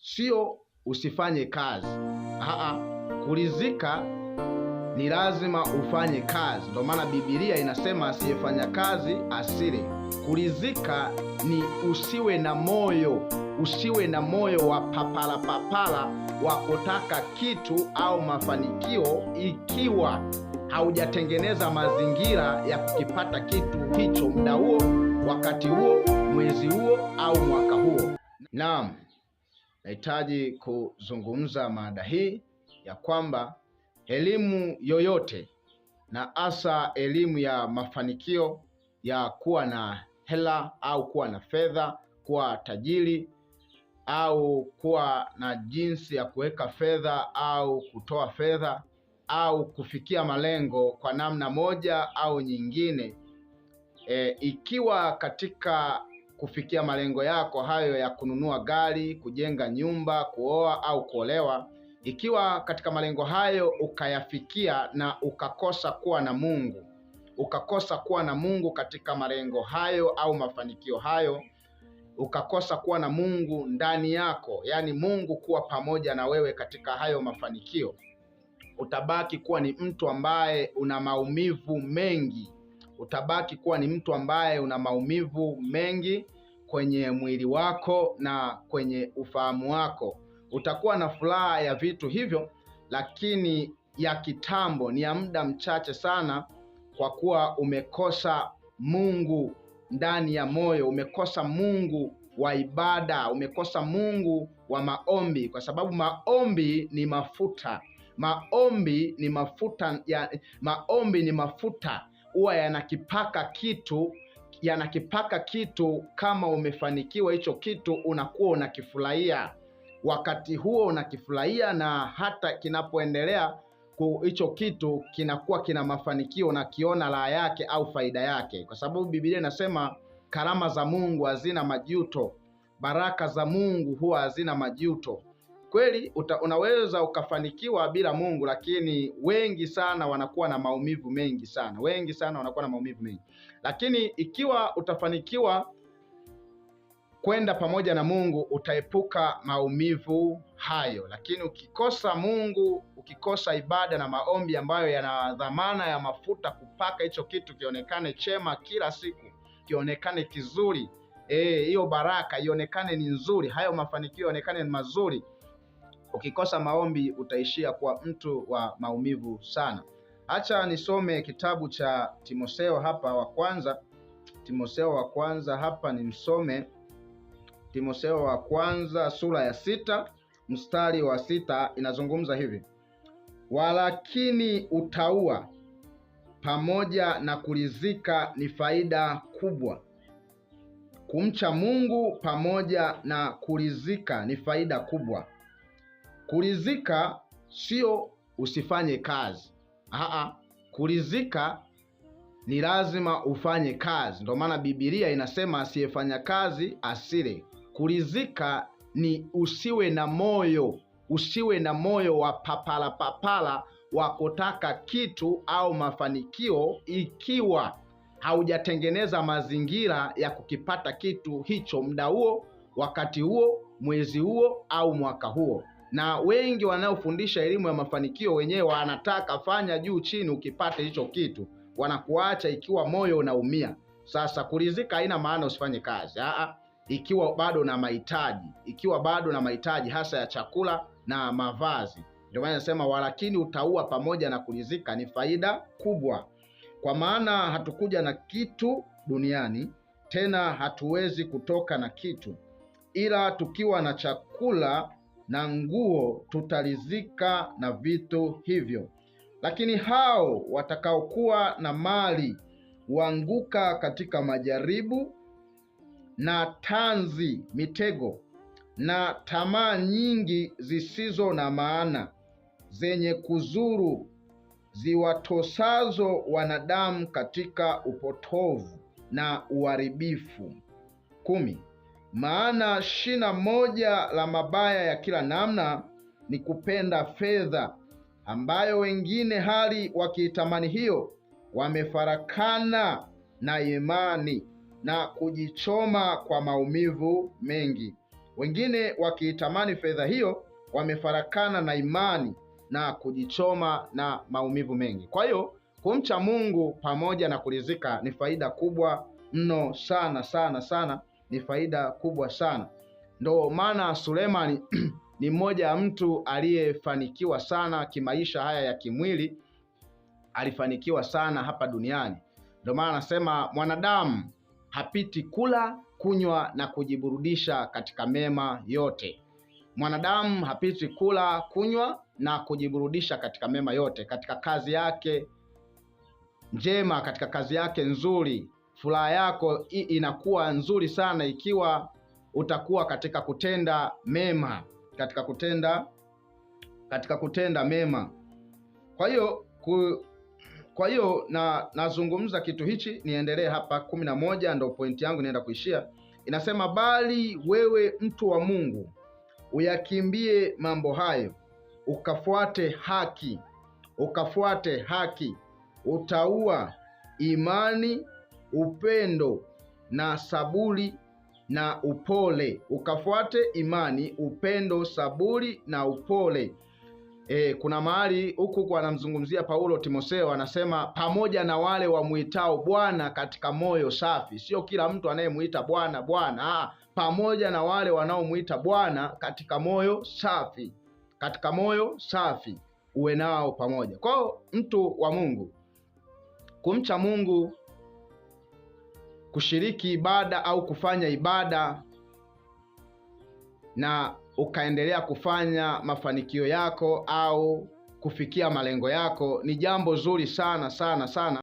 sio usifanye kazi. Aha, kurizika ni lazima ufanye kazi. Ndio maana Biblia inasema asiyefanya kazi asile. Kurizika ni usiwe na moyo, usiwe na moyo wa papala papala wa kutaka kitu au mafanikio ikiwa haujatengeneza mazingira ya kukipata kitu hicho muda huo, wakati huo, mwezi huo au mwaka huo. Naam nahitaji kuzungumza mada hii ya kwamba elimu yoyote na hasa elimu ya mafanikio ya kuwa na hela au kuwa na fedha, kuwa tajiri au kuwa na jinsi ya kuweka fedha au kutoa fedha au kufikia malengo kwa namna moja au nyingine, e, ikiwa katika kufikia malengo yako hayo ya kununua gari, kujenga nyumba, kuoa au kuolewa. Ikiwa katika malengo hayo ukayafikia na ukakosa kuwa na Mungu, ukakosa kuwa na Mungu katika malengo hayo au mafanikio hayo, ukakosa kuwa na Mungu ndani yako, yaani Mungu kuwa pamoja na wewe katika hayo mafanikio, utabaki kuwa ni mtu ambaye una maumivu mengi, utabaki kuwa ni mtu ambaye una maumivu mengi kwenye mwili wako na kwenye ufahamu wako. Utakuwa na furaha ya vitu hivyo, lakini ya kitambo ni ya muda mchache sana, kwa kuwa umekosa Mungu ndani ya moyo, umekosa Mungu wa ibada, umekosa Mungu wa maombi, kwa sababu maombi ni mafuta. Maombi ni mafuta ya, maombi ni mafuta huwa yanakipaka kitu yanakipaka kitu, kama umefanikiwa hicho kitu unakuwa unakifurahia wakati huo unakifurahia, na hata kinapoendelea hicho kitu kinakuwa kina mafanikio na kiona raha yake au faida yake, kwa sababu Biblia inasema karama za Mungu hazina majuto, baraka za Mungu huwa hazina majuto. Kweli uta, unaweza ukafanikiwa bila Mungu, lakini wengi sana wanakuwa na maumivu mengi sana, wengi sana wanakuwa na maumivu mengi. Lakini ikiwa utafanikiwa kwenda pamoja na Mungu, utaepuka maumivu hayo. Lakini ukikosa Mungu, ukikosa ibada na maombi ambayo yana dhamana ya mafuta kupaka hicho kitu kionekane chema kila siku, kionekane kizuri eh, hiyo e, baraka ionekane ni nzuri, hayo mafanikio yaonekane ni mazuri. Ukikosa maombi utaishia kuwa mtu wa maumivu sana. Acha nisome kitabu cha Timotheo hapa wa kwanza, Timotheo wa kwanza hapa ni msome Timotheo wa kwanza sura ya sita mstari wa sita inazungumza hivi: walakini utaua pamoja na kulizika ni faida kubwa. Kumcha Mungu pamoja na kulizika ni faida kubwa kulizika sio usifanye kazi. Aha. kulizika ni lazima ufanye kazi. Ndio maana Biblia inasema asiyefanya kazi asile. kulizika ni usiwe na moyo, usiwe na moyo wa papala papala wa kutaka kitu au mafanikio ikiwa haujatengeneza mazingira ya kukipata kitu hicho muda huo, wakati huo, mwezi huo au mwaka huo na wengi wanaofundisha elimu ya mafanikio wenyewe wanataka fanya juu chini ukipate hicho kitu, wanakuacha ikiwa moyo unaumia. Sasa kulizika haina maana usifanye kazi aa, ikiwa bado na mahitaji, ikiwa bado na mahitaji hasa ya chakula na mavazi. Ndio maana nasema walakini utaua pamoja na kulizika ni faida kubwa, kwa maana hatukuja na kitu duniani, tena hatuwezi kutoka na kitu, ila tukiwa na chakula na nguo, tutalizika na vitu hivyo. Lakini hao watakaokuwa na mali huanguka katika majaribu na tanzi, mitego na tamaa nyingi zisizo na maana zenye kuzuru ziwatosazo wanadamu katika upotovu na uharibifu. kumi. Maana shina moja la mabaya ya kila namna ni kupenda fedha, ambayo wengine hali wakiitamani hiyo wamefarakana na imani na kujichoma kwa maumivu mengi. Wengine wakiitamani fedha hiyo wamefarakana na imani na kujichoma na maumivu mengi. Kwa hiyo kumcha Mungu pamoja na kulizika ni faida kubwa mno sana sana sana ni faida kubwa sana. Ndo maana Sulemani ni mmoja ya mtu aliyefanikiwa sana kimaisha, haya ya kimwili alifanikiwa sana hapa duniani. Ndio maana anasema mwanadamu hapiti kula, kunywa na kujiburudisha katika mema yote. Mwanadamu hapiti kula, kunywa na kujiburudisha katika mema yote, katika kazi yake njema, katika kazi yake nzuri, furaha yako inakuwa nzuri sana ikiwa utakuwa katika kutenda mema, katika kutenda katika kutenda mema. Kwa hiyo ku, kwa hiyo na nazungumza kitu hichi, niendelee hapa. kumi na moja ndio pointi yangu, nienda kuishia. Inasema, bali wewe mtu wa Mungu uyakimbie mambo hayo, ukafuate haki, ukafuate haki, utaua imani upendo na saburi na upole. Ukafuate imani, upendo, saburi na upole. E, kuna mahali huku kwa anamzungumzia Paulo Timotheo, anasema pamoja na wale wamwitao Bwana katika moyo safi. Sio kila mtu anayemwita Bwana Bwana, ah, pamoja na wale wanaomwita Bwana katika moyo safi, katika moyo safi uwe nao pamoja. Kwa mtu wa Mungu, kumcha Mungu kushiriki ibada au kufanya ibada na ukaendelea kufanya mafanikio yako au kufikia malengo yako ni jambo zuri sana sana sana.